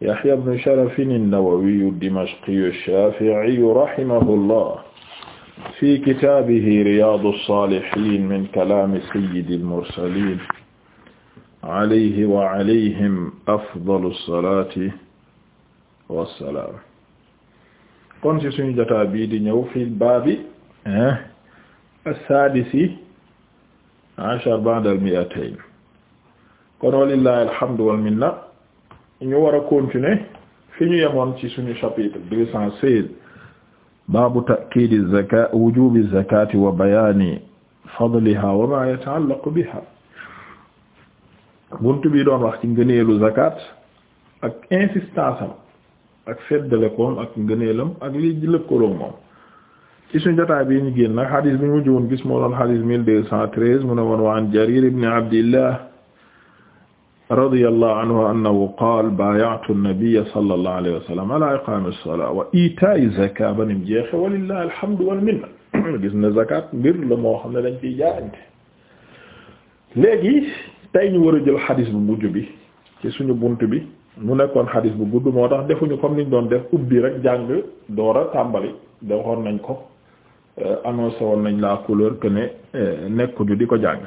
Yahya ibn Sharaf an-Nawawi ad-Dimashqi ash-Shafi'i rahimahullah fi kitaabihi Riyaadu as-Saalihiin min kalaami sayyidi al-mursaliin alayhi wa alayhim afdalu as-salaati wassalaam. kon ci suñu jotaay bii di ñëw fi baabi as-saadisi ashar ba'da al-mi'atayn kon walillahi alhamdu wal minna ñu war a fi ñu yemoon ci suñu chapitre deux cent seize baabu ta'kiidi zaka wujubi zakati wa bayaani fadliha wa ma yataallaqu biha bunt bi doon wax ci ngëneelu zakat ak insistance am ak feddale koom ak ngëneelam ak li lëkkaloo moom ci suñu jotaay bi ñu génn nag xadis bi ñu mujj woon xadis mu ne woon Jarir ibn Abdillah radiyallahu anhu annahu qaala baaya'tu an-nabiyya sallallahu alayhi wa sallam ala iqaami as-salaa gis na zakat mbir la moo xam ne dañ ciy jaayante léegi ñu war a jël xadis bu mujj bi ci suñu bunt bi mu nekkoon xadis bu gudd moo tax defuñu comme niñ doon def ubbi rek jàng door tàmbali doxoon nañ ko euh, annoncé woon nañ laa couleur que ne euh, nekkuñu di ko jàng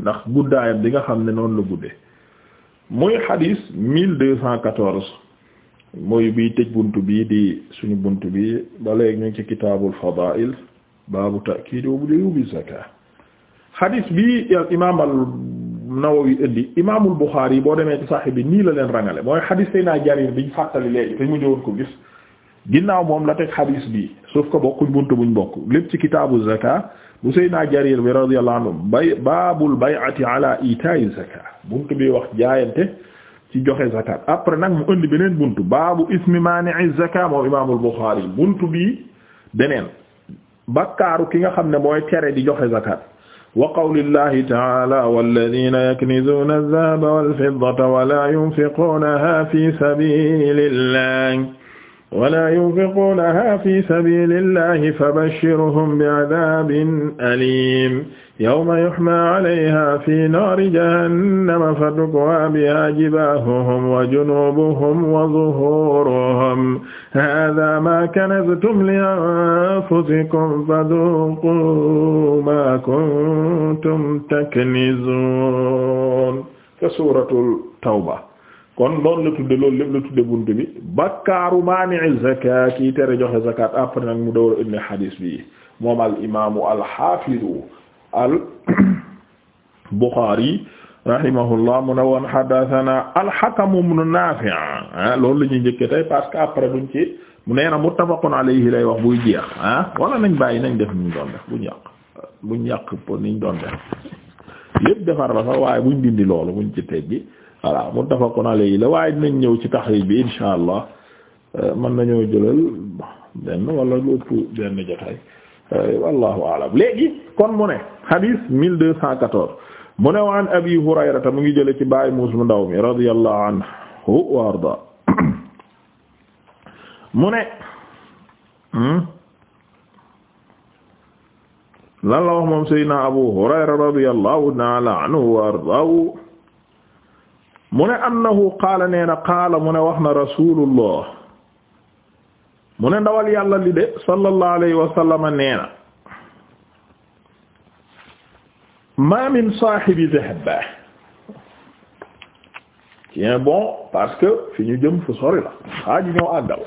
ndax guddaayam di nga xam ne noonu la guddee mooy xadis mille deux cent quatorze mooy bii tëj bunt bi di suñu bunt bi ba léegi ñu ngi ci kitaabul fadaa'il baabu ta'kiid wujuubi zakaat xadis bi al imaam al Nawawi indi imaamul Buxaari boo demee ci Sahih bi nii la leen rangale mooy xadis tey naa Jarir biñ fàttali léegi te mu jëwoon ko gis ginnaaw moom la teg xadis bi sauf que bokkuñ bunt buñ bokk lépp ci kitaabu zakaat bu Seydina Jarir bi radiyallahu anhu bay baabul bay'ati ala itaa'i zakat buntu bi wax jaayante ci joxe zakat après nag mu indi beneen buntu baabu ismi maani'i zakat moom imaamul Bukhari buntu bi beneen bakkaaru ki nga xam ne mooy tere di joxe zakat wa qawlillahi ta'ala walladhina yaknizuna adh-dhahaba wal-fiddata wa la yunfiqunaha fi sabilillah wala yunfiquunaha fi sabilillahi fabashshirhum bi'adaabin aliim yawma yuhmaa alayha fi naari jahannama fatukwaa bihaa jibaahuhum wa junuubuhum wa zuhuuruhum haadaa maa kanaztum li anfusikum faduuquu maa kuntum taknizuun. Suuratul Tawba. kon noonu la tudde loolu lépp la tudde bunt bi bakkaaru maani'i zakat yi tere joxe zakat après nag mu door a indi xadiis bi moom al imaamu al xaafidu al Buxaari rahimahullah mu ne woon haddathana al Hakam ibn Naafi' ah loolu la ñuy njëkke tey parce que après duñ ci mu nee na muttafaqun lay wax buy jeex ah wala nañ bàyyi nañ def niñ doon def buñ yàq buñ yàq niñ doon yépp defar la sax waaye buñ dindi loolu buñ ci teggi voilà muttafaqun alayhi la waaye dinañ ñëw ci taxriij bi insha allah euh, mën nañoo jëlal benn wala lu ëpp benn jotaay euh, wallahu aalam léegi kon mu ne xadiis mu ne waan abi hurayrata mu ngi jële ci bàyyi muus mu ndaw mi radiyallahu anhu wa arda mu ne hmm? lan la wax moom seydina abu hurayra radiyallahu wa ardahu mu ne annahu qaala nee na qaala mu ne wax na rasulullah mu ne ndawal yàlla li de sallallahu alayhi wa sallam nee na ma min saahibi dahab tiens bon parce que fi ñu jëm fu sori la xaaji ñëw àggal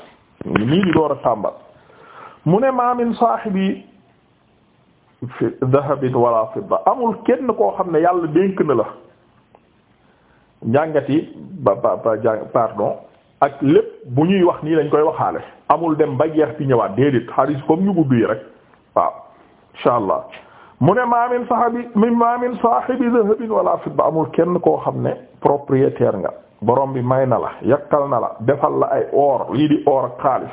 nii di door a tàmbal mu ne ma min saahibi dahabin wala fidda amul kenn koo xam ne yàlla dénk na la njàngat yi ba ba ba pardon ak lépp bu ñuy wax nii lañ koy waxaale amul dem ba jeex ci ñëwaat déedéet xadiis comme ñu gudd yi rek waaw insha allah mu ne ma min sahabi ma min sahibi wala fidda amul kenn koo xam ne propriétaire nga borom bi may na la yakkal na la defal la ay or lii di or ak xaalis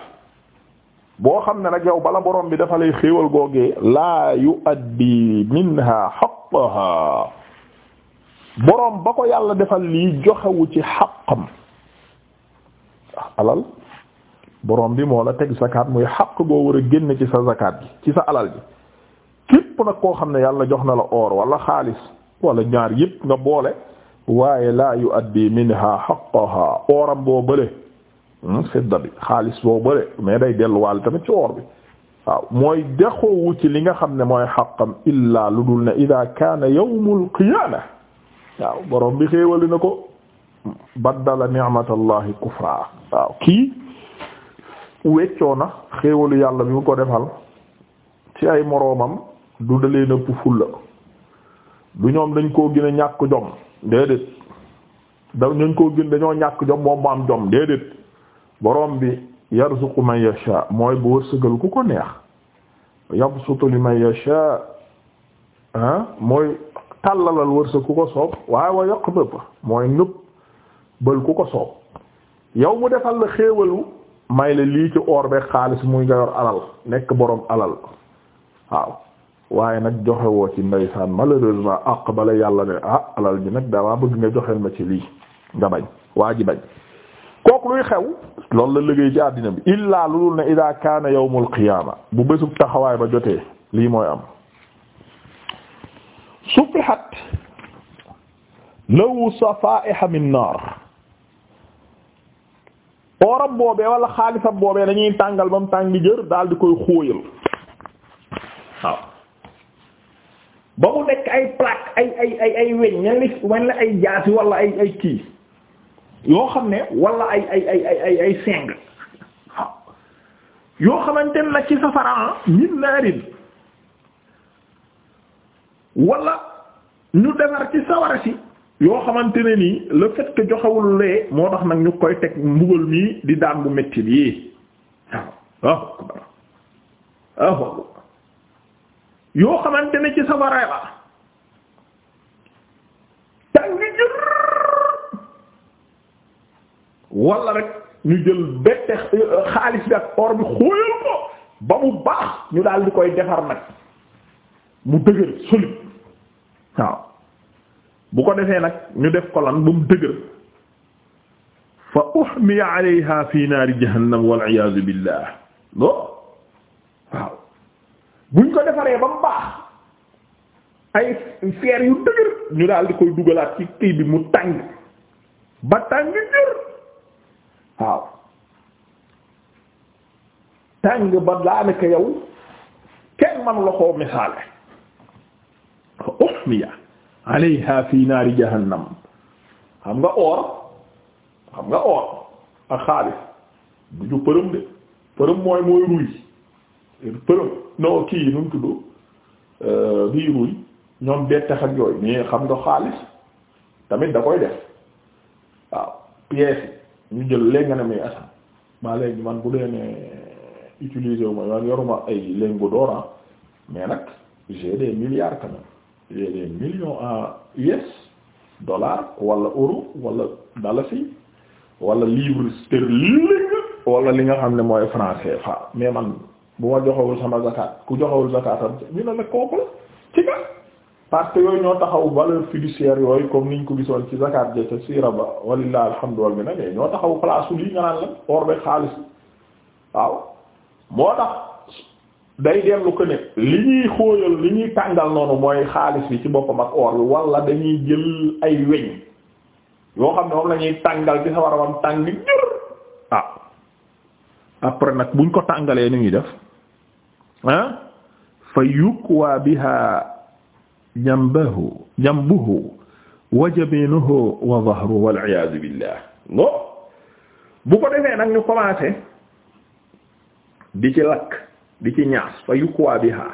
boo xam ne nag yow bala borom bi dafa lay xéewal googee laa yu addi minha haqqaha boroom ba ko yàlla defal lii joxewu ci xaqam alal boroom bi moo la teg zakat mooy xaq boo war a génn ci sa zakat ci sa alal ji képp nag koo xam ne yàlla jox na la or wala xaalis wala ñaar yépp nga boole waaye laa yu addi minha haqqaha oram boo bële hmm, fidda bi xaalis boo bële mais day delluwaal tamit ci or bi waaw mooy dexoowu ci li nga xam ne mooy xaqam illa lu dul ne ida kaana yawmul qiyaamah waaw borom bi xéewali na ko baddala ni'matallahi kufra waaw kii weccoo na xéewalu yàlla bi mu ko defal ci ay moroomam du dalee nëpp fulla du ñoom dañ koo gën a ñàkk jom déedéet da dañ koo gën dañoo ñàkk jom moom am jom déedéet borom bi yarzuqu man yasha mooy bu wërsëgal ku ko neex yabsutu li man yasha ah mooy tàllalal wërsëg ku ko soob waaye wa yokk bëpp mooy ñëpp bël ku ko soob yow mu defal la xéewalu may la lii ci or beeg xaalis muy nga yor alal nekk boroom alal waaw waaye nag joxe woo ci ndeysaan malheureusement àq bala yàlla ne ah alal ji nag dawaa bëgg nga joxeel ma ci lii nga bañ waa ji bañ kook luy xew loolu la liggéey ci àddina bi illaa lu dul ne ida kaana yawmul qiyaama bu bésub taxawaay ba jotee lii mooy am futihat lawu safaiha min naar ooram boobee wala xaalisam boobee dañuy tàngal ba mu tàng jër daal di koy xóoyal ba mu nekk ay plaque ay ay ay weñ mel ni mel ay jaasi wala ay kii yoo xam ne walla ay ay ay ay seng yoo xamante ne nag ci safara min naarin wala ñu defar ci sawara si yoo xamante ne nii le fait joxewul lee moo tax nag ñu koy teg mbugal mii di daan bu metti bi yoo xamante ne ci sawara la tàng jër wala rek ñu jël bette xaalis bi ak or bi xóoyal ko ba mu baax ñu daal di koy defar nag mu dëgër solide waaw bu ko defee nag ñu def ko lan bu mu dëgër fa uhmiya alayha fi naari jahannam wal iyaazu billah bon waaw buñ ko defaree ba mu baax ay feer yu dëgër ñu daal koy dugalaat ci kii bi mu tàng ba tàng jër waaw tàng ba daanaka yow kenn man la koo fa uhmiya alayha fi naari jahannam xam nga or xam nga or ak xaalis du ju përëm de përëm mooy mooy ruy përëm no kii nu mu euh, bii ruy ñoom dettax ak yooyu mais xam nga xaalis tamit da def waaw ñu jël léeg nga ne muy asam maa léegi man bu dee ne utiliser wu ma yoon yoruma ay lingots d'or ah. nag j'ai des milliards quand des millions en US dollar wala euro wala dalasi wala livre sterling wala li nga xam ne mooy français fa mais man bu ma joxewul sama zakat ku joxewul zakatam ñu ne nag kooku la ci ka parce que yooyu ñoo taxaw valeur fiduciaire yooyu comme niñ ko gisoon ci zakat ja ca siira ba walilah alhamdu wal minna ñoo taxaw place lii nga naan la or be xaalis waaw moo tax day dellu ko ne li ñuy xóoyal li ñuy tàngal noonu mooy xaalis bi ci boppam ak or bi wala dañuy jël ay weñ yoo xam ne moom la tàngal bi sa war a wam tàng jër ah après nag buñ ko tàngalee ni ñuy def ah fa yukwaa biha jambahu jambuhu wa jabinuhu wa dhahru wal iyaazu billah bu ko defee nag ñu commencé di ci lakk di ci ñaas fa yukkuwaa bi ha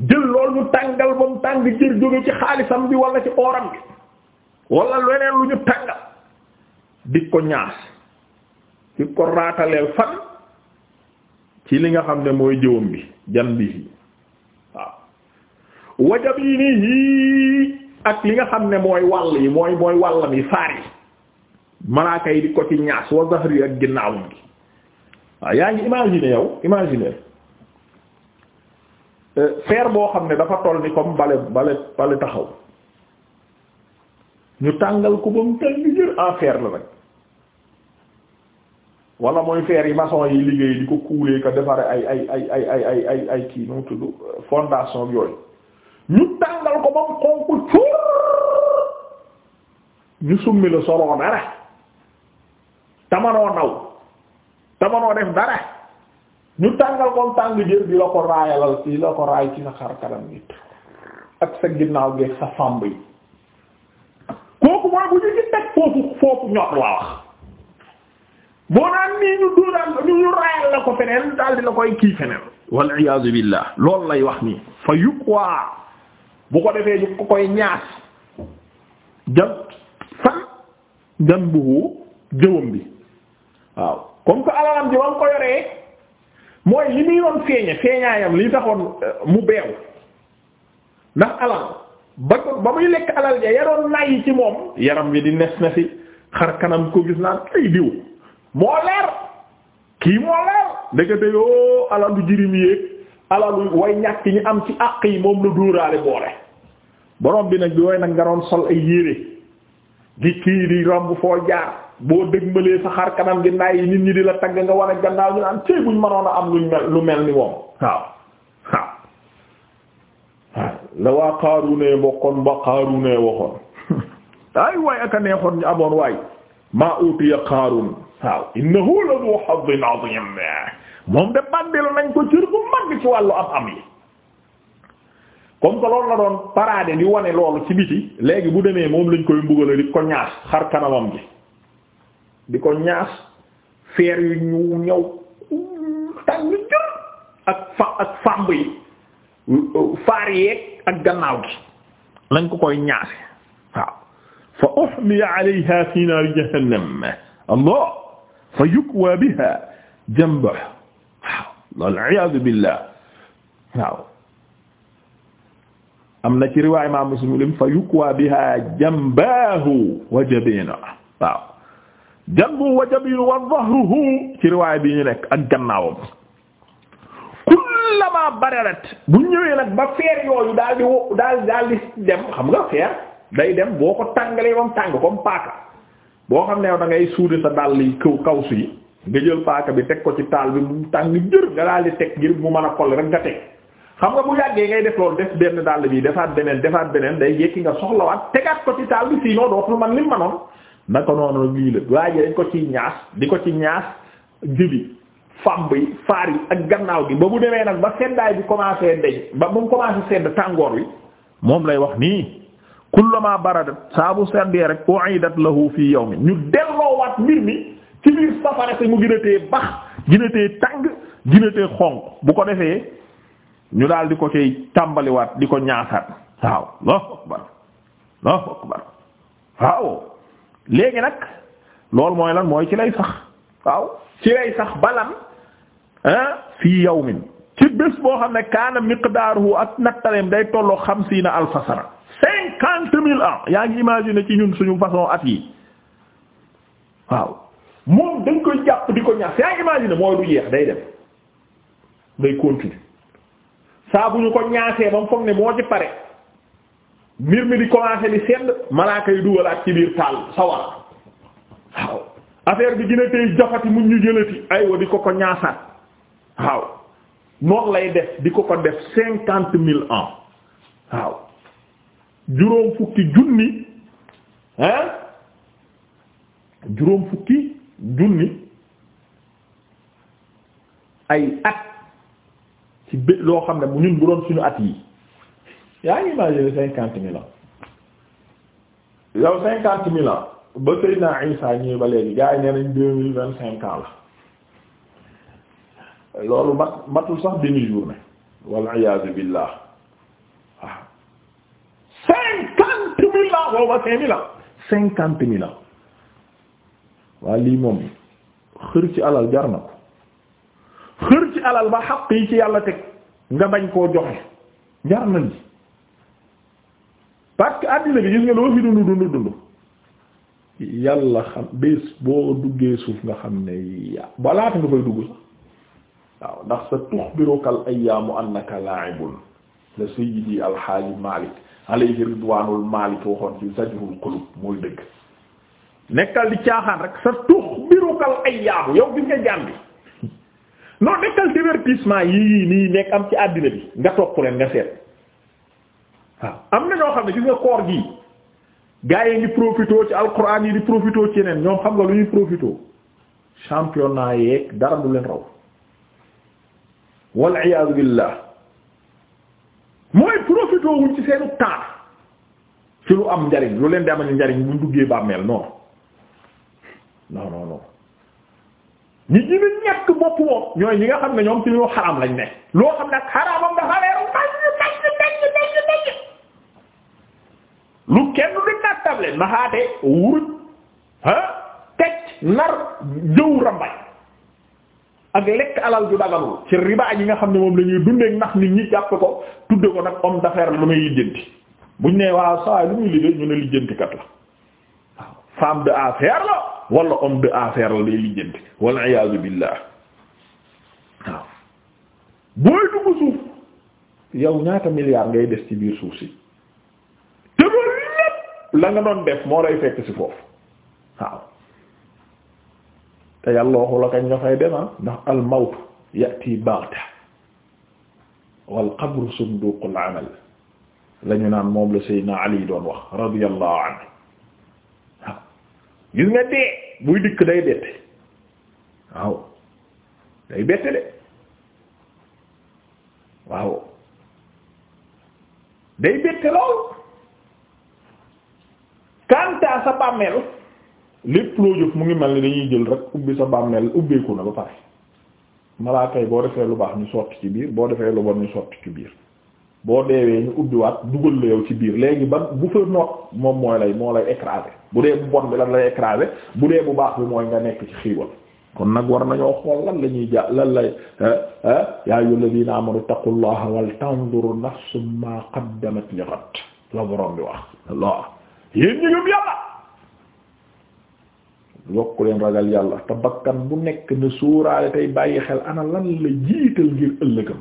jël lool tàngal ba mu tàng jër jóge ci xaalisam bi wala ci ooram bi wala leneen lu ñu tàngal di ko ñaas di ko raataleel fan ci li nga xam ne mooy jëwam bi jan bi waaw wajab yi nii yii ak li nga xam ne mooy wàll yi mooy mooy wàllam yi faar yi malaaka di ko ci ñaas wa zahri ak ginnaawum gi waaw yaa ngi imaginer yow imaginer euh, fer boo xam ne dafa toll ni comme bale bale bale taxaw ñu tàngal ko ba mu tàng jër en ah, fer la nag wala mooy fer yi maçon yi liggéey di ko kuulee ko defaree ay ay ay ay ay ay ay ay kii fondation yooyu ñu tàngal ko ba mu xonk cuur ñu summi la soloo dara tamanoo naw te def dara ñu tàngal comme tàng jër di la ko raayalal ci la ko raay ci sa xar kanam ak sa ginnaaw gi sa famb yi kooku mooy bu ñu ci teg foofu foofu ñor laa wax boo naan nii ñu duural ñu ñu raayal la ko feneen daal di la koy kii feneen wal iyaazu billah loolu lay wax nii fa yuqwaa bu ko defee ñu ko koy ñaas jam fan jam buhu jëwam bi waaw comme que alalam ji ba mu ko yoree mooy li muy doon feeñe feeñaayam li taxoon euh, mu beew ndax alal ba ba muy lekk alal ja yaroon nay ci moom yaram wi di nes na fi xar kanam ko gis naa ay diw moo leer kii moo leer ndekete yoo alalu jirim yéeg alalu way ñàkk ñi am ci àq yi moom la dóoraale boole borom bi nag bi way nag nga doon sol ay yére di kii di romb foo jaar boo dëgmalee sa xar kanam gi naay yi nit ñi di la tagg nga war wane gannaaw ñu naan cëy buñ mënoon a am luñ mel lu mel ni moom waaw waaw waaw la waa Qaaruna bokkoon ba Qaaruna waxoon ay waay aka neexoon ñu amoon waay maa utiya Qaarun waaw innahu la du hazzin azim moom de bàndil nañ ko cër bu mag ci wàllu am am yi comme que loolu la doon parade di wane loolu ci biti léegi bu demee moom lañ koy mbugale di ko ñaas xar kanamam bi di ko ñaas feer yu ñu ñëw tàng jër ak fa ak fàmb yi faar yeeg ak gannaaw gi lañ ko koy ñaase waaw fa uhmiya alayha fi naari jahannam allah fa yukwa biha janba waaw waliyasu billah waaw am na ci riwaay ma muslim fa yukwa biha janbahu wa jabina waaw janbu wa jabinu wa dhahruhu ci riwaay bi ñu nekk ak gannaawam la kullama bararat bu ñëwee nag ba feer yooyu daal di wo daal di dem xam nga feer day dem boo ko tàngalee bam tàng comme paaka boo xam ne da ngay suude sa dàll yi kaw kaw su yi nga jël paaka bi teg ko ci taal bi mu tàng jër nga daal di teg ngir mu mën a kolle rek nga teg xam nga bu yàggee ngay def lool def benn dàll bi defaat beneen defaat beneen day yekki nga soxlawaat tegaat ko ci taal bi sinon man lim manoon naka noonu lii la waaye dañ ko ci ñaas di ko ci ñaas jibi fàmb yi faar yi ak gannaaw gi ba mu demee nag ba seddaay bi commencé deñ ba mu commencé sedd tàngoor wi moom lay wax nii kullama baradat saa bu seddee rek u'idat lahu fi yawmi ñu delloowaat mbir mi ci biir safara si mu gën a bax gën tàng gën a xonq bu ko defee ñu daal di ko cay tàmbaliwaat di ko ñaasaat waaw Allahu akbar Allahu akbar waaw léegi nag loolu mooy lan mooy ci lay sax waaw ci lay sax balan ah yow yawmin ci bés boo xam ne kaana miqdaaruhu ak nattaleem day tolloo xamsiina alfa sana cinquante mille ans yaa ngi imaginer ci ñun suñu façon at yi waaw moom dañ koy jàpp di ko ñaas yaa ngi imaginer mooy du yeex day dem day continuer saa ñu ko ñaasee ba mu foog ne moo ci pare mbir mi di commencé di sedd malaaka yi dugalaat ci biir taal sawar waaw affaire bi gën a tey jafati mu ñu jëlati aywa di ko ko ñaasaat waaw noonu lay def di ko ko def cinquante mille ans waaw juróom fukki junni hein juróom fukki junni ay at ci bët loo xam ne bu ñun bu doon suñu at yi yaa ngi imaginer cinquante mille ans yow cinquante mille ba Seydina Isa ñëw ba léegi la loolu mat matul sax benn journée walla iyaazu billaah cinquante mille ans ba cinquante mille waa lii moom xër ci alal jar na ko xër ci alal ba xaq yi ci yàlla teg nga bañ koo joxe jar na parce que àddina bi gis nga loo fi dund dund dund yàlla xam bés boo duggee suuf nga xam ne ya balaata nga fay dugg waaw ndax sa tuxbiruka al ayaamu annaka la'ibun la sayyidi alxaaji Malik alayhi ridwaanul Malik waxoon ci zajrul qulub mooy dëgg nekkal di caaxaan rek sa tuxbiruka al ayaamu yow bi nga jàmbi non nekkal divertissement yii nii nekk am ci àddina bi nga topp leen nga seet waaw am na ñoo xam ne gis nga koor gi gaa yi ngi profité ci alquran yi di profité ci yeneen ñoom xam nga lu ñuy profité championnat yeeg dara du leen raw wal iyaadu billah mooy profité wuñ ci seenu temps ci lu am njariñ lu leen di amal njariñ buñ duggee bàmmeel non non non non ñi gën a ñàkk bopp ñooy ñi nga xam ne ñoom ci ñoo xaram lañ ne loo xam ne ak xaraamam dafa leeru lu kenn du nattable naxaate wuruj ah tecc nar jëw rambay ak lekk alal ju daganul ci riba yi nga xam ne moom lañuy ñuy dundeek ndax nit ñi jàpp ko tudde ko nag homme d'affaires lu muy lijjanti buñ ne waaw saa lu muy liggéey ñu ne lijjantikat la waaw femme d'affaires la wala homme d'affaires la lay lijjanti wal iyaazu billaah booy dugg suuf yow ñaata milliards ngay des ci biir suuf si la doon def moo lay fekk ci foofu waaw te yàlla waxu kañ nga fay dema ndax al mawt yati baxta wal qabru sunduqul amal lañu naan moom la Seydina Ali doon wax radiyallahu anhu waaw gis nga dee buy dikk day bette waaw day bette de waaw day bette lool kanta sa bàmmeel lépp loo jëf mu ngi mel ni dañuy jël rek ubbi sa bàmmeel ubbeeku na ba pare malaaka yi boo defee lu baax ñu sotti ci biir boo defee lu bon ñu sotti ci biir boo deewee ñu ubbiwaat dugal la yow ci biir léegi ba bu fa noot moom mooy lay moo lay écraser bu dee bu bon bi lan lay écraser bu dee bu baax bi mooy nga nekk ci xiiwal kon nag war nañoo xool lan la ñuy jà lan lay eh, eh, ya ayyuhal ladina amanu taqullaha wal tanzur nafsum ma qaddamat li ghad la borom bi wax Allah yéen ñu gëm yàlla yokk leen ragal yàlla te bakkan bu nekk na suuraale tey bàyyi xel ana lan la jiital ngir ëllëgam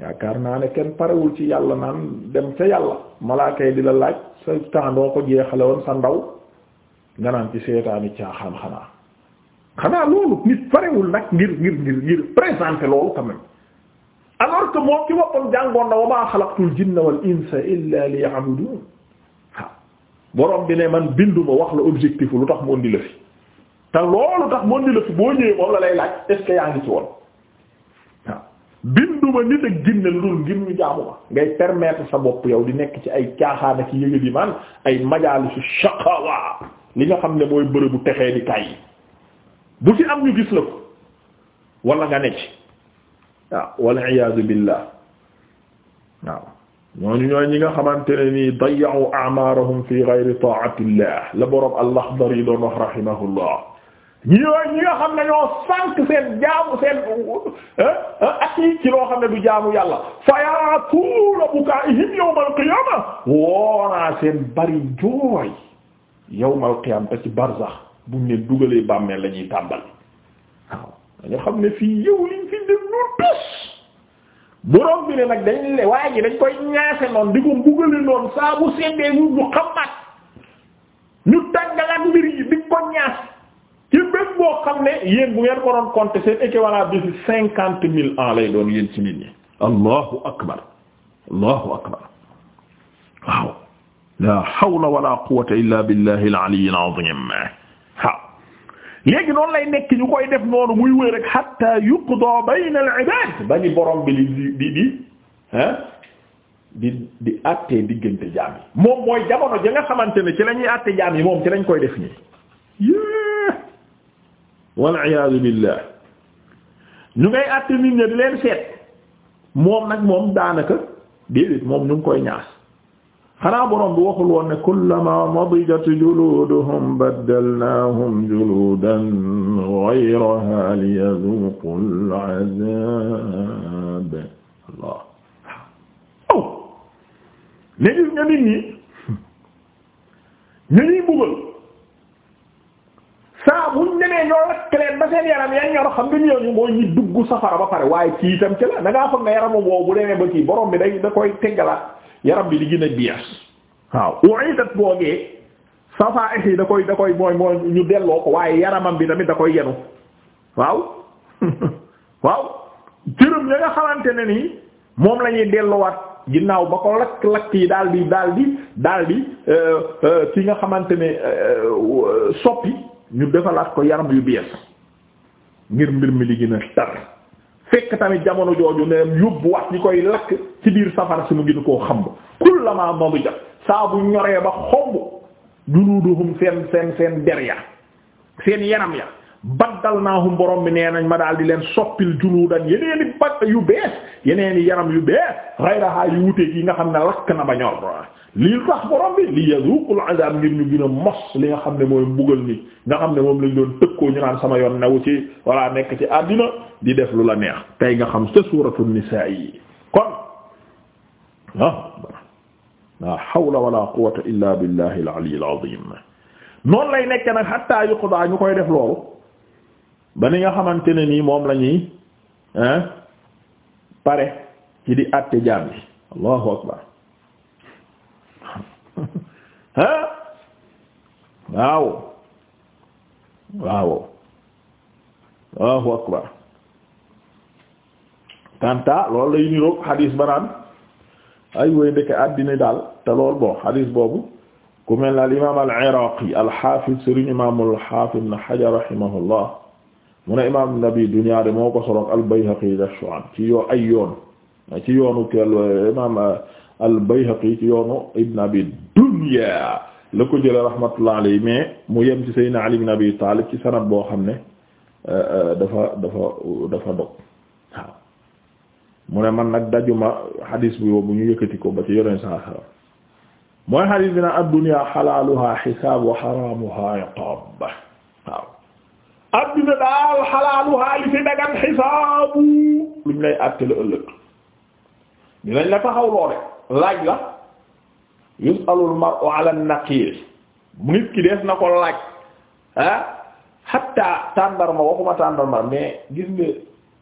yaakaar naa ne kenn parewul ci yàlla naan dem ca yàlla malaakay di la laaj sa temps doo ko jeexale woon sa ndaw nga naan ci seetaani caaxaan xanaa xanaa loolu nit parewul nag ngir ngir ngir ngir présenter loolu quand même alors que moom ci boppam jàngoon na wa maa xalaqtul jinna wal insa illa liya'budun borom bi ne man binduma wax la objectif lu tax mu di la fi te loolu tax mu indi la boo ñëwee moom la lay laaj est-ce que yaa ngi ci waaw binduma nit ak ginne lu dul ngir ñu jaamu ma ngay permettre sa bopp yow di nekk ci ay caaxaana ci yëgal yi man ay majaalisu shaqawa li nga xam ne mooy bërëbu texee di kay yi bu ci am ñu gis la ko wala nga nekk waaw wal iyaadu billah waaw ñooñu ñooy ñi nga xamante ne nii dayya'u a'marahum fi ghayri ta'atillah la boroom al-Laxdari yi doon wax rahimahullah ñi ñooy xam ne ñoo sànk seen jaamu seen eh, eh, ak yi xam ne du jaamu yàlla fa yaatuuna bukaa'ihim yawmal qiyaama woonaa seen bari jooy yawmal qiyaama te barzax buñ ne dugalee bàmmeel la ñuy tàmbali waaw xam ne fii yow fi def lu tus borom bi ne nag dañ le waa ji dañ koy ñaase noonu di ko mbugale noonu saa bu seetee mu ñu xamaat ñu tàggalaat mbir yi di ko ñaas ci bés boo xam ne yéen bu ngeen ko doon compter seen équivalent bi ci cinquante mille ans lay doon yéen ci nit ñi allahu akbar allahu akbar waaw la hawla wala quwwata illa billahi al-ali al léegi noonu lay nekk ñu koy def noonu muy wër rek hatta yuqda bayna al-ibad bañu borom bi di di di ah di di àttee diggante jaam yi moom mooy jamono ja nga xamante ne ci la ñuy àtte jaam yi moom ci lañ koy def nii yée wal iyaadu billah ñu ngay àtte nit ñi di leen seet moom nag moom daanaka déedéet moom ñu ngi koy ñaas xanaa borom bi waxul woon ne kullama madijat juluduhum baddalnaahum juludan ghayraha liyazuqu al'azab Allah aw oh. ne gis nga nit ñi ñu ñuy buggal saa buñ demee ñoo lakk leen ba seen yaram ya ñor xam nga ñëw ñu mooy ñi safara ba pare waaye ci itam la da ngaa foog nga yaramu boobu bu ba ci borom bi da koy teggalaat yaram bi di gën a diis waaw u'idat boogee safa'ih yi da koy da koy mooy mooy ñu delloo ko waaye yaramam bi tamit da koy yenu waaw waaw cëram ya nga xamante ne nii moom lañuy ñuy delluwaat ginnaaw ba ko lakk-lakk yi daal di daal di daal di ci euh, euh, nga xamante ne euh, soppi ñu defalaat ko yaram yu bees ngir mbir mi li gën a tar fekk tamit jamono jooju ne yóbbuwaat ñi koy lakk ci biir safara si mu gën koo xamb kullama nadija saa bu ñoree ba xomb juluduhum seen seen seen der ya seen yaram ya baddalnaahum borom bi nee nañ ma daal di leen soppil juludan yeneeni bad yu bees yeneeni yaram yu bees ghayraha yu wuteeg yi nga xam ne lakk na ba ñor lii tax borom bi li yazuqul azab ngir ñu gën a mos li nga xam ne mooy mbugal ni nga xam ne moom lañ doon tëkkoo ñu naan sama yoon newu ci walla nekk ci àddina di def lu la neex tey nga xam ca suuratu nisaa yi la hawla wala quwwata illa billahi al-ali al-azim noonu koy def loolu ba nga xamante ne nii moom la pare di àtte jaam yi allahu akbar tanta loolu lay niroog xadiis banaan ay woy ndeke addina daal te lool bon hadis boobu ku mel na al imam al iraqi al hafiz sëriñ imam al hafiz ibn hajar rahimahullah mu ne imam nabi dunya de moo ko solo al bayhaqi da shu'ab ci yoo ay yoon ci yoonu kel imam euh, al bayhaqi ci yoonu ibn abi dunya la ko jële rahmatullah alayhi mais mu yem ci sayyidina ali ibn abi talib ci sanad boo xam ne euh, euh, dafa dafa dog mu ne man nag dajuma xadis bi bu ñu yëkkati ko ba ci yoneen saa salam mooy xadis bi nag ad xalaaluha xisaab wa xaraamuha iqaab waaw adduna xalaaluha li fi dagan xisaabu lu ñu lay àtte la ëllëg dinañ la taxaw loole laaj la yusalul mar'u ala an-naqiir nit ki dees na ko laaj ah hatta tàndarma waxuma tàndarma mais gis nga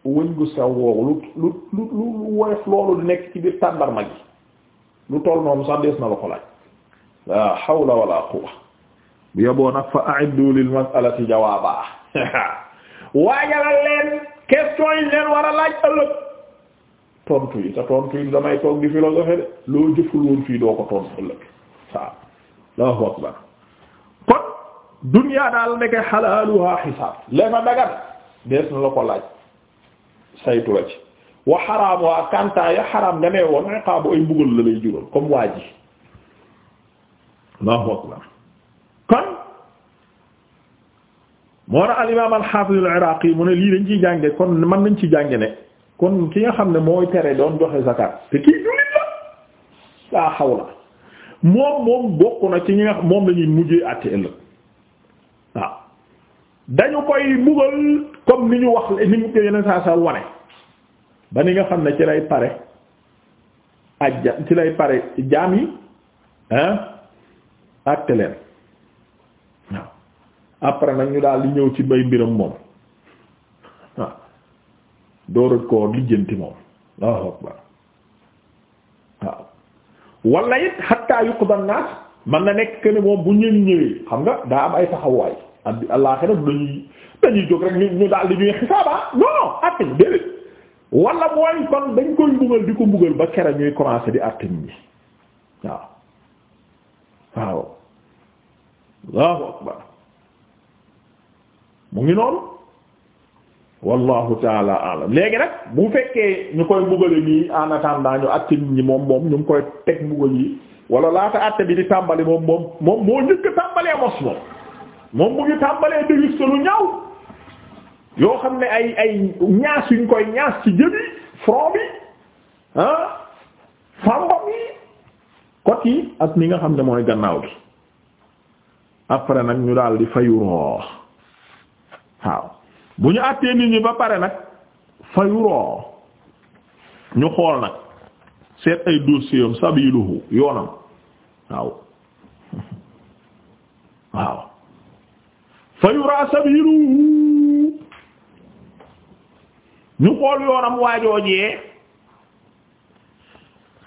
wëñ gu sew woowu lu lu lu lu woyof loolu di nekk ci biir tàndarma gi lu toll noonu sax dees na la laaj la hawla wala quwwa bu yeboo nag fa a'iddu lil mas'alati jawaaba waajalal leen question yi leen war a laaj ëllëg tontu yi te tontu yi damay toog di philosophie de loo jëful woon fii doo ko tontu ëllëg waaw Allahu akbar kon duniyaa daal nekk xalaaluha xisaab lee fa dagat dees na la laaj saytu la ci wa xaraam waa kantaa ya xaraam nga nee woon iqaabu ay mbugal la lay jural comme waa ji kon moo na al imaam al xaafiz mu ne lii dañ ciy jànge kon man nañ ci jànge ne kon ki nga xam ne mooy tere doon joxe zakat te kii jullit la laa xaw la moom moom bokk na ci ñi nga moom lañuy mujjee àtte ëllëg waaw dañu koy mbugal comme ni ñu wax ni ñu ko yeneen saa saa wane ba ni nga xam ne ci lay pare ajja ci lay pare jaam yi hein leen waaw après nag ñu daal di ñëw ci bay mbiram moom waaw doorat koo lijjanti moom Allahu waaw walla it xatta yuqda naas man na nekk ne moom bu ñëw ñëwee xam nga daa am ay taxawaay addi àllaaxira dañuy dañuy jóg rek ñu daal di ñuy xisaaba non atte ñu déedéet wala mooy kon dañ koy mbugal di ko mbugal ba kera ñuy commencé di atte ñi waaw waaw allahu akbar mu ngi noonu wallahu taala alam léegi nag mu fekkee ñu koy mbugale nii en attendant ñu atte ñi moom moom ñu ngi koy teg mbugal yi wala laata atte bi di tàmbali moom moom moom moo njëkk tàmbalee mos moom moom mu tàmbalee dégis te lu ñaaw yoo xam ne ay ay ñaas yuñ koy ñaas ci jëbi front bi ah fambam yi kot yi ak ni nga xam ne mooy gannaaw gi après nag ñu daal di fayuroo waaw bu ñu àttee nit ñi ba pare nag fayuroo ñu xool nag seet ay dossier am sabiluhu yoonam waaw waaw fa yura sabiluhu ñu xool yoonam waajoojee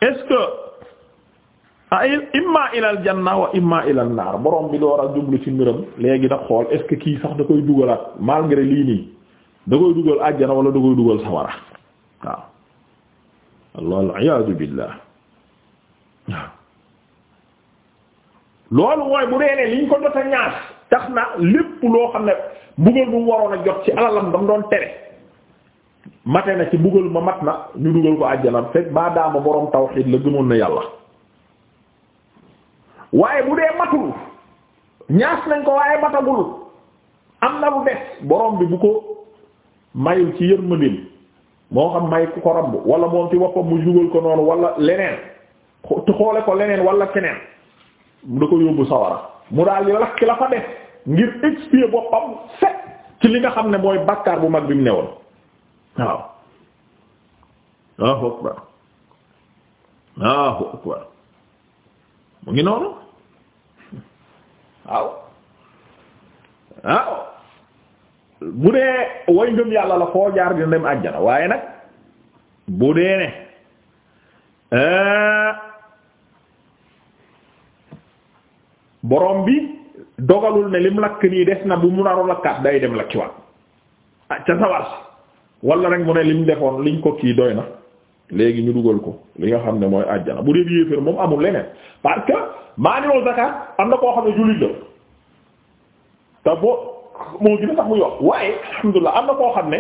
est-ce que a imma ilal janna wa imma ilal naar borom bi door a jublu ci mbiram léegi da xool est-ce que kii sax da koy dugalaat malgré lii nii da koy dugal àjjana wala da koy dugal sawara waaw allah al-iyaadu billah waaw loolu mooy bu dee ne liñ ko jot a ñaas tax na lépp loo xam ne bugal bu mu waroon a jot ci alalam dam doon tere mate na ci bugal ma mat na ñu dugal ko àjjana fekk maa daama boroom tawxiid la gëmoon na yàlla waaye bu dee matul ñaas nañ ko waaye matagul am na lu des borom bi bu ko mayul ci yërmandeem moo xam may ku ko rabb wala moom ci boppam mu dugal ko noonu walla leneen te xoole ko leneen wala keneen da ko yóbbu sawara mu daal di lakk la fa def ngir expier boppam set ci li nga xam ne mooy bakkaar bu mag bi mu newoon waaw ngi noonu waaw waaw bu dee way ngëm yàlla la foo jaar dina dem àjjana waaye nag bu dee ne eh, borom bi dogalul ne lim lakk nii des na bu mu naru lakkaat day dem lakkiwaat ah ca sawar si wala rek mu ne lim defoon liñ ko kii doy na léegi ñu dugal ko li nga xam ne mooy àjjana bu dee yéeféer moom amul leneen parce que maa niroo am na koo xam ne jullit la te am na koo xam ne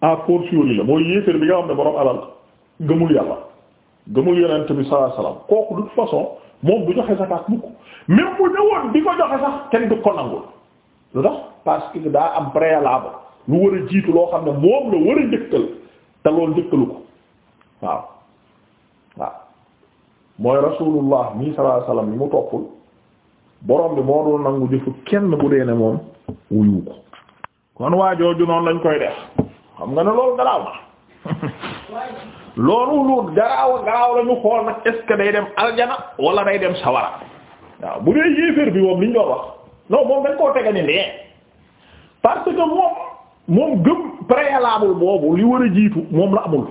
à fortiori la mooy yéeféer bi nga xam ne borom alal gëmul yàlla gëmul yonent bi sallallahu alayhi kooku de façon moom du joxe zakat mukk même bu ñëwoon di ko joxe sax kenn du ko nangul lu tax parce daa am préalable lu war a jiitu loo xam ne moom la war a njëkkal te loolu njëkkalu ko waaw waaw mooy rasulullah mi sallallahu alayhi jooju noonu lañ koy def xam nga ne loolu garaaw na loolu day dem aljana wala day dem sawara waaw bu dee yéeféer bi moom li ñu doon wax non moom dañ koo tega ni nee parce que moom moom gëm préalable boobu li war a jiitu moom la amul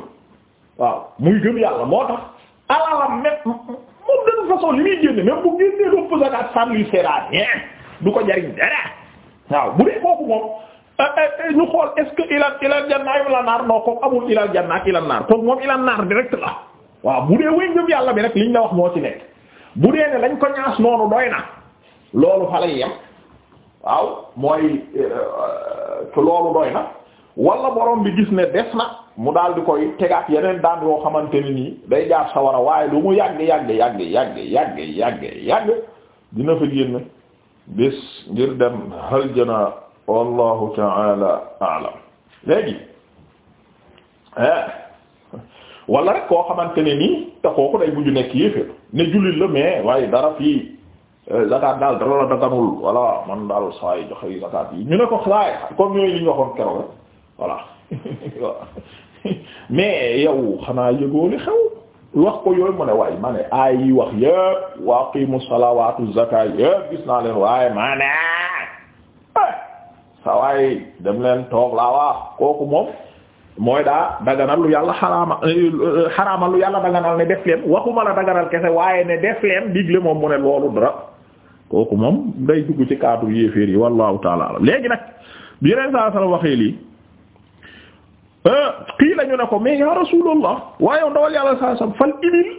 waaw muy gëm yàlla moo tax alalam met moom de façon li muy génne même bu génnee doon pësakaat sànni seeraat ñeent du ko jariñ dara waaw bu dee kooku moom euh, euh, euh, ñu xool est-ce que ilal ilal janna ila naar non kooku amul ilal janna ak ilal naar kooku moom ilal naar direct la waaw bu dee wéy ngëm yàlla bi rek liñ na wax moo ci nekk. bu dee ne lañ ko ñaas noonu doy na loolu fa lay yem waaw mooy euh, loolu doy na wala borom bi gis ne des na mu daal di koy tegaat yeneen daan yoo xamante ni nii day jaar sawara waaye lu mu yàgg yàgg yàgg yàgg yàgg yàgg yàgg dina fa génn bis ngir dem aljana wallahu taala aalam léegi wala rek koo xamante ne nii te kooku day mujj nekk yéeféer ne jullit la mais waaye dara fii euh, zakat daal dara la daganul voilà man daal saa joxe zakat yi ñu ne ko xalaay comme yooyu ñu ne waaye ma ne yi wax yëpp wa aqimu salawaatu zakat yëpp gis naa leen waaye maa ne eh, sa toog laa wax kooku moom mooy daa daganal lu yàlla xaraama euh, euh, lu yàlla daganal ne def leen waxuma la daganal kese waaye ne def leen digle moom mu ne loolu dara kooku moom day dugg ci cadre yéeféer yi wallahu taala alam léegi nag bi yeneen saa waxee lii euh, kii lañu ne ko mais ya rasulallah waaye yow ndawal yàlla saa sala fal ibil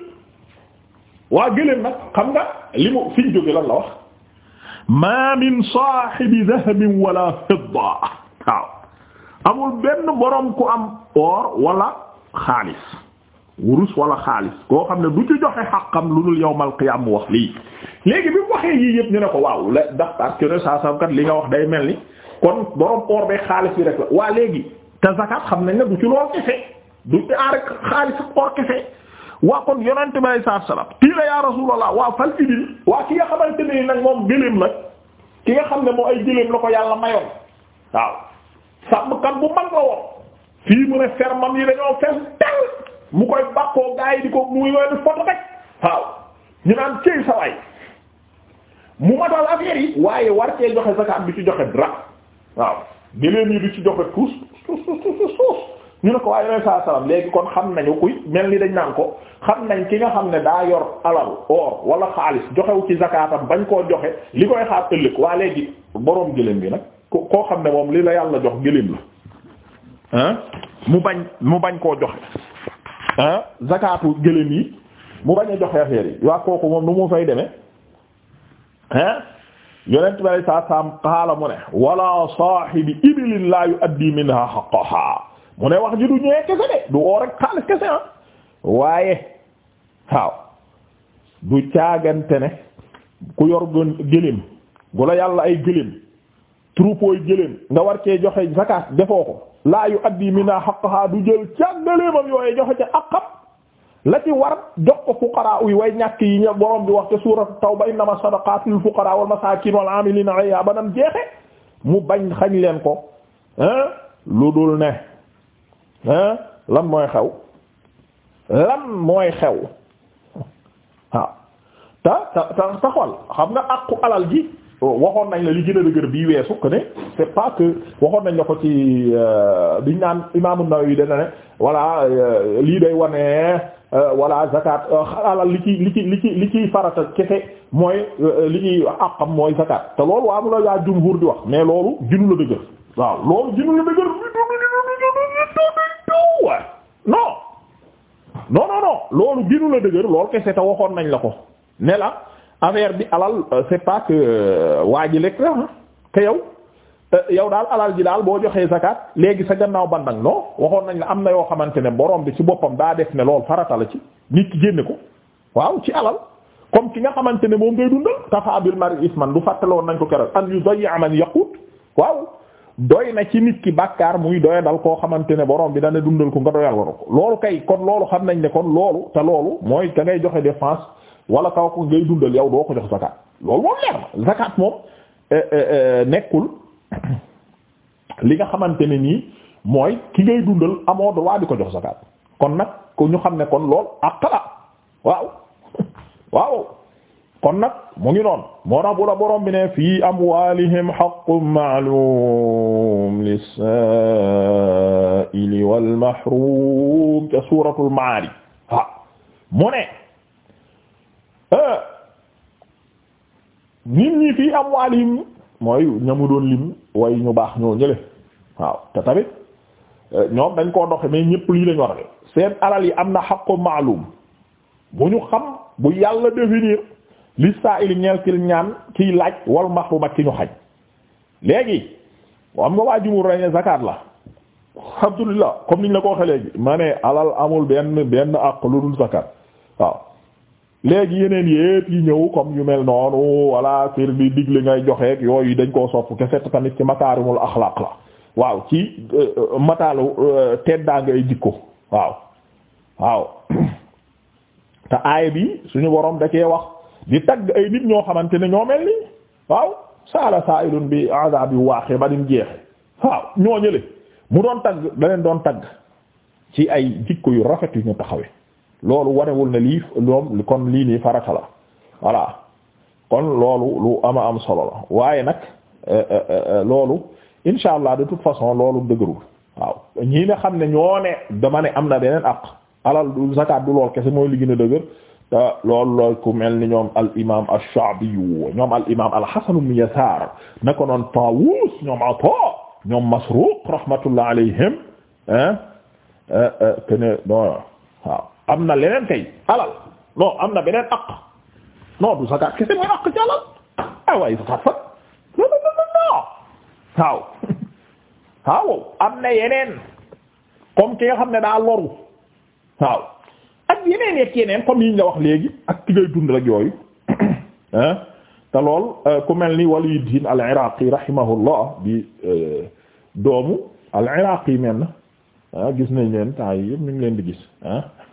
waa gëléem nag xam nga li mu fiñ jóge lan la wax ma min sahibi dahabin wala fidda waaw amul benn borom ku am or wala xaalis wurus wala xaalis koo xam ne du ci joxe xaqam lu dul yawmal qiyaam mu wax lii léegi bi mu waxee yii yëpp ñu ne ko waaw la ndax parce que saa kat li nga wax day mel ni kon borom or bee xaalis bi rek waa léegi te zakat xam nañ ne du ci lool kese du ci aar xaalis ak or waa kon yonent bi saa salaam qiila yaa rasuulallah waa fal ibil waa ki nga xamante ne nag moom gëléem nag ki nga xam ne moo ay gëléem la ko yàlla mayoon sàmmkat bu mag la woon fii mu ne fermam yi dañoo fees del mu koy bàkkoo gaa yi di ko muy welu photo rek waaw ñu naan cëy sawaay mu matal affaire yi waaye war cee joxe zakat bi ci joxe dra waaw géléem yi du ci joxe tuus tuus tuus tuus ñu ne ko waaye yoneen saa salaam léegi kon xam nañu kuy mel ni dañ naan ko xam nañ ki nga xam ne daa yor alal or wala xaalis joxewu ci zakatam bañ koo joxe li koy xaar ëllëg waa léegi boroom géléem bi nag koo xam ne moom li la yàlla jox gëléem la ah mu bañ mu bañ koo joxe ah zakaatu gëléem yi mu bañ joxe affaire yi waa kooku moom nu mu fay demee ah yonent bi saa saam xaala mu ne wala saahibi ibilin laa yu'addi minha haqqaha mu ne wax ji du ñëwee kese de du oo rek xaalis kese ah waaye waaw du caagante ne ku yor gën gëléem gu la yàlla ay gëléem troupeau yi jëleen nga war cee joxe zakat defoo ko laa yu addi mina haqqaha du jël càggaleemam yooye joxe ca aqam la ci war jox ko fuqaraa yi way ñàkk yi ña bi wax ca suuratu tawba innama sadaqatu lil fuqaraa wal masaakin wal amilina alayha banam jeexe mu bañ xañ leen ko lu dul ne hein mooy xew lan mooy xew waaw ta ta ta xool xam nga àqu alal ji waxoon nañ la li gën a dëgër bii weesu que ne c'est pas que waxoon nañ la ko ci euh, biñ naan imaamu Nawawi dana ne voilà euh, lii day wane euh, voilà zakat alal li ci li ci li ci li ciy farata kese mooy li ciy àqam mooy zakat te loolu waa mu la yaa jumhur di wax mais loolu ginu la dëgër waaw loolu ginu la dëgër loolu kese te waxoon nañ la ko ne la affaire bi alal euh, c'est pas que euh, waa ji lekk la ah, te yow euh, yow daal alal ji daal boo joxee zakat léegi sa gannaaw bandang non waxoon nañ la am na yoo xamante ne borom bi ci boppam daa def ne lool farata la ci nit ki génne ko waaw ci alal comme ki nga xamante ne moom ngay dundal kafa bil mari man du fàttaloon nañ ko keroog an yudayya man yaqut waaw doy na ci nit ki bàkkaar muy doya dal koo xamante ne borom bi dana dundal ko nga doyal waro ko loolu kay kon loolu xam nañ ne kon loolu loolu mooy ka ngay joxe défense wala kaw ko ngay dundal yow doo ko jox zakat loolu moom leer na zakat moom eh, eh, eh, nekkul li nga xamante ne nii mooy ki ngay dundal amoo droit di ko jox zakat kon nag ko ñu xam ne kon lool àq la waaw kon nag mu ngi noonu moo tax bu la bi ne fii amwalihim haqqun ma'lum lis-sa'ili wal mahrum ca ne Ah. nit ñi fii am waalim mooy ñamu doon lim way ñu baax ñoo ñële waaw te tamit eh, ñoom dañ koo doxe mais ñépp lii lañ war a def seen alal yi am na xaqu maalum bu ñu xam bu yàlla définir li saa ili ñeel ci ñaan kiy laaj wal mahrum ak ki ñu xaj léegi am nga waa jumur rey ne la alhamdulillah comme niñ la ko waxee léegi ma ne alal amul benn benn àq lu dul zakat waaw léegi yeneen yépp yi ñëw comme yu mel noonu walla sir bi digle ngay joxeek yooyu dañ koo sopp kese tamit ci makaarimul axlaaq la waaw ci euh, euh, mataalu euh, teddaanga ay jikko waaw waaw te aaya bi suñu boroom da wax di tagg ay nit ñoo xamante ne ñoo mel nii waaw saala sa'ilun bi azabi waaxe ba nim jeexe waaw ñoo ñële mu doon tagg da doon tagg ci ay jikko yu rafet yu ñu taxawe loolu warewul ne lii moom kon lii nii farata la voilà kon loolu lu ama am solo la waaye nag euh, euh, euh, loolu insha allah de toute façon loolu dëgërul waaw ñii nga xam ne ñoo ne dama ne am na beneen aq alal du zakat du lool kese mooy li dëgër te loolu looy ku mel ni ñoom al imaam ash-Sha'bi ñoom al imaam al-Hasan ibn Yasaar na noon Taawus ñoom Ataa ñoom Masruuq rahmatullah alayhim ah ah ah am na leneen kay alal non am na beneen aq non du zakat kese mooy aq ci alal ah, ay am na yeneen comme ki nga xam ne daa loru waaw ak yeneen yekk yeneen comme yi ñu wax léegi ak ki ngay dund rek yooyu te lool euh, ku mel ni Waliyuddin al-Iraqi rahimahullah bi euh, doomu al-Iraqi mel na gis nañ leen temps yi yëpp ngi leen di gis